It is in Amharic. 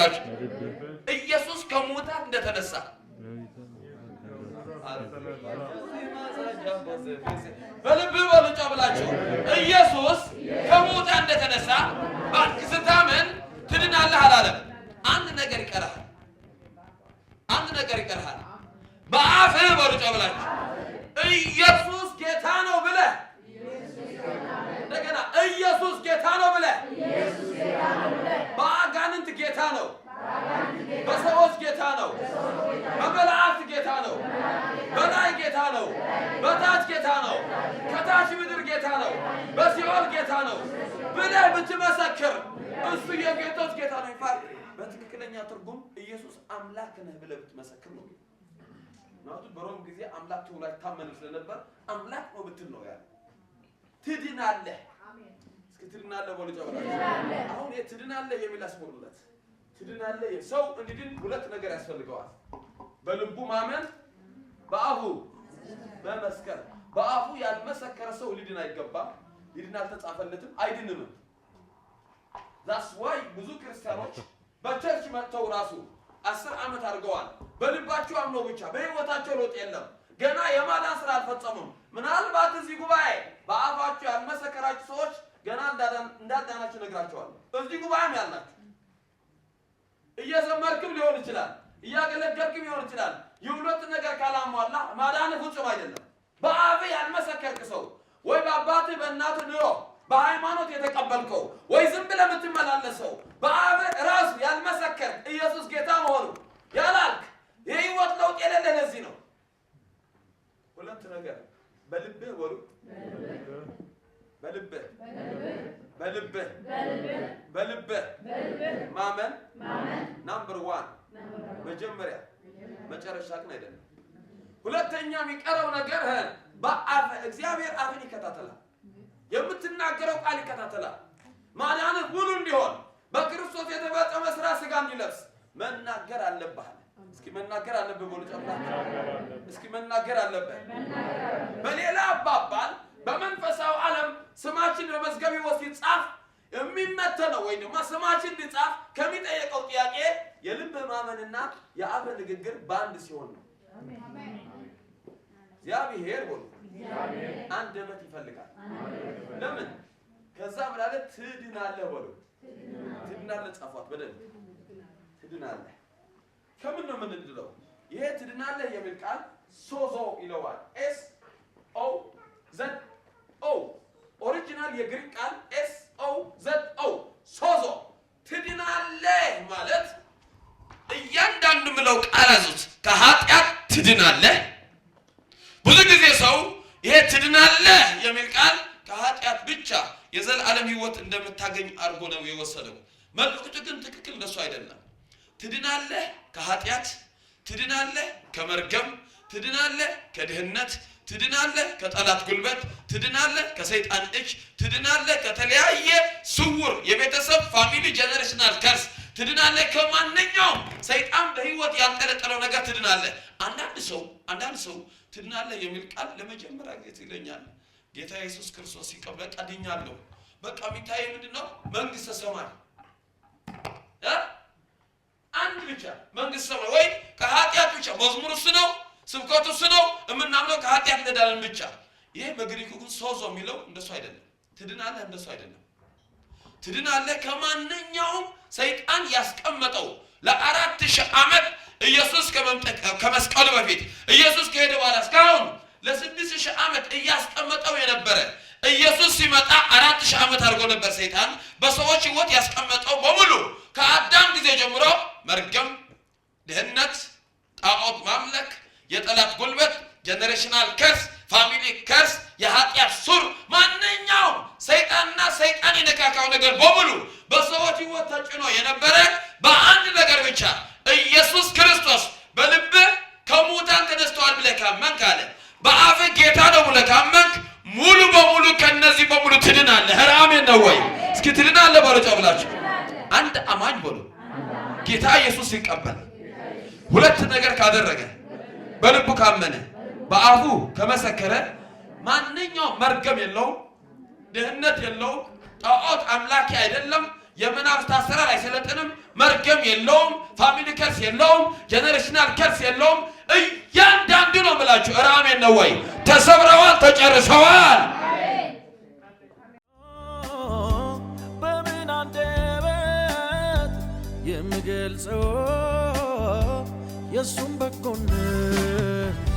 በላችሁ። ኢየሱስ ከሙታን እንደተነሳ በልብ በሉጫ ብላችሁ ኢየሱስ ከሙታን በታች ጌታ ነው፣ ከታች ምድር ጌታ ነው፣ በሲኦል ጌታ ነው ብለህ ብትመሰክር እሱ የጌቶች ጌታ ነው ይባል። በትክክለኛ ትርጉም ኢየሱስ አምላክ ነህ ብለህ ብትመሰክር ነው። ምክንያቱም በሮም ጊዜ አምላክ ተብሎ አይታመንም ስለነበር አምላክ ነው ብትል ነው ያለ። ትድናለህ። እስኪ ትድናለህ በሉ ጨምራ። አሁን ትድናለህ የሚል አስሞሉለት። ትድናለህ ሰው እንዲድን ሁለት ነገር ያስፈልገዋል፣ በልቡ ማመን በአፉ መመስከር በአፉ ያልመሰከረ ሰው ሊድን አይገባም። ሊድን አልተጻፈለትም፣ አይድንም። ዛስ ዋይ ብዙ ክርስቲያኖች በቸርች መጥተው ራሱ አስር ዓመት አድርገዋል። በልባቸው አምነው ብቻ በህይወታቸው ለውጥ የለም። ገና የማዳን ስራ አልፈጸሙም። ምናልባት እዚህ ጉባኤ በአፋችሁ ያልመሰከራችሁ ሰዎች ገና እንዳዳናችሁ ነግራቸዋል እዚህ ጉባኤም ያላችሁ እየዘመርክም ሊሆን ይችላል፣ እያገለገልክም ሊሆን ይችላል የሁለት ነገር ካላሟላ ማዳን ፍጹም አይደለም። በአብ ያልመሰከርክ ሰው ወይ በአባት በእናት ኑሮ በሃይማኖት የተቀበልከው ወይ ዝም ብለህ የምትመላለሰው በአብ ራሱ ያልመሰከር ኢየሱስ ጌታ መሆኑ ያላልክ የህይወት ለውጥ የሌለ ለዚህ ነው። ሁለት ነገር በልብህ ወሉ በልብህ በልብህ በልብህ ማመን ናምበር ዋን መጀመሪያ መጨረሻ ግን አይደለም። ሁለተኛ የሚቀረው ነገር በአፍ እግዚአብሔር አፍን ይከታተላል። የምትናገረው ቃል ይከታተላል። ማዳንህ ሙሉ እንዲሆን በክርስቶስ የተፈጸመ ስራ ስጋ እንዲለብስ መናገር አለብህ። እስኪ መናገር አለብህ። ብሎ እስኪ መናገር አለብህ። በሌላ አባባል በመንፈሳዊ ዓለም ስማችን በመዝገብ ይወስድ ይጻፍ የሚመተነው ወይ ደግሞ ስማችን ሊጻፍ ከሚጠየቀው ጥያቄ የልብ ማመንና የአፍ ንግግር በአንድ ሲሆን ነው። እግዚአብሔር ሆኖ አንደበት ይፈልጋል። ለምን ከዛ ምናለት ትድናለህ በሉ ትድናለህ፣ ጻፏት በደንብ ትድናለህ። ከምን ነው የምንድነው? ይሄ ትድናለህ የሚል ቃል ሶዞ ይለዋል። ኤስ ኦ ዘድ ኦ ኦሪጂናል የግሪክ ቃል በሚለው ቃል ያዙት። ከኃጢአት ትድናለህ። ብዙ ጊዜ ሰው ይሄ ትድናለህ የሚል ቃል ከኃጢአት ብቻ የዘላለም ሕይወት እንደምታገኝ አድርጎ ነው የወሰደው። መልእክቱ ግን ትክክል ለሱ አይደለም። ትድናለህ ከኃጢአት፣ ትድናለህ ከመርገም፣ ትድናለህ ከድህነት፣ ትድናለህ ከጠላት ጉልበት፣ ትድናለህ ከሰይጣን እጅ፣ ትድናለህ ከተለያየ ስውር የቤተሰብ ፋሚሊ ጀነሬሽናል ከርስ፣ ትድናለህ ከማንኛውም ህይወት ያንጠለጠለው ነገር ትድናለህ። አንዳንድ ሰው አንዳንድ ሰው ትድናለህ የሚል ቃል ለመጀመሪያ ጊዜ ይለኛል ጌታ ኢየሱስ ክርስቶስ ሲቀበል ቀድኛለሁ። በቃ የሚታይ ምንድን ነው? መንግስተ ሰማይ አንድ ብቻ መንግስት ሰማይ ወይ ከኃጢአት ብቻ። መዝሙር እሱ ነው፣ ስብከቱ እሱ ነው። የምናምነው ከኃጢአት ነዳለን ብቻ። ይሄ በግሪኩ ግን ሶዞ የሚለው እንደሱ አይደለም። ትድናለህ እንደሱ አይደለም። ትድናለህ ከማንኛውም ሰይጣን ያስቀመጠው ለአራት ሺህ ዓመት ኢየሱስ ከመስቀሉ በፊት ኢየሱስ ከሄደ በኋላ እስካሁን ለስድስት ሺህ ዓመት እያስቀመጠው የነበረ ኢየሱስ ሲመጣ አራት ሺህ ዓመት አድርጎ ነበር። ሰይጣን በሰዎች ህይወት ያስቀመጠው በሙሉ ከአዳም ጊዜ ጀምሮ መርገም ነገር በሙሉ በሰዎች ሕይወት ተጭኖ የነበረ በአንድ ነገር ብቻ ኢየሱስ ክርስቶስ በልብ ከሙታን ተነስተዋል ብለህ ካመንክ አለ በአፍ ጌታ ነው ብለህ ካመንክ ሙሉ በሙሉ ከነዚህ በሙሉ ትድናለህ። ኧረ አሜን ነው ወይ? እስኪ ትድናለህ በሉ ብላችሁ አንድ አማኝ በሉ ጌታ ኢየሱስ ሲቀበል ሁለት ነገር ካደረገ በልቡ ካመነ በአፉ ከመሰከረ ማንኛውም መርገም የለውም፣ ድህነት የለውም ጣዖት አምላኪ አይደለም። የመናፍስት አሰራር አይሰለጥንም። መርገም የለውም። ፋሚሊ ከርስ የለውም። ጀነሬሽናል ከርስ የለውም። እያንዳንዱ ነው የምላችሁ። ራሜን ነው ወይ ተሰብረዋል፣ ተጨርሰዋል። በምን አንደበት የምገልጸው የእሱም በጎነት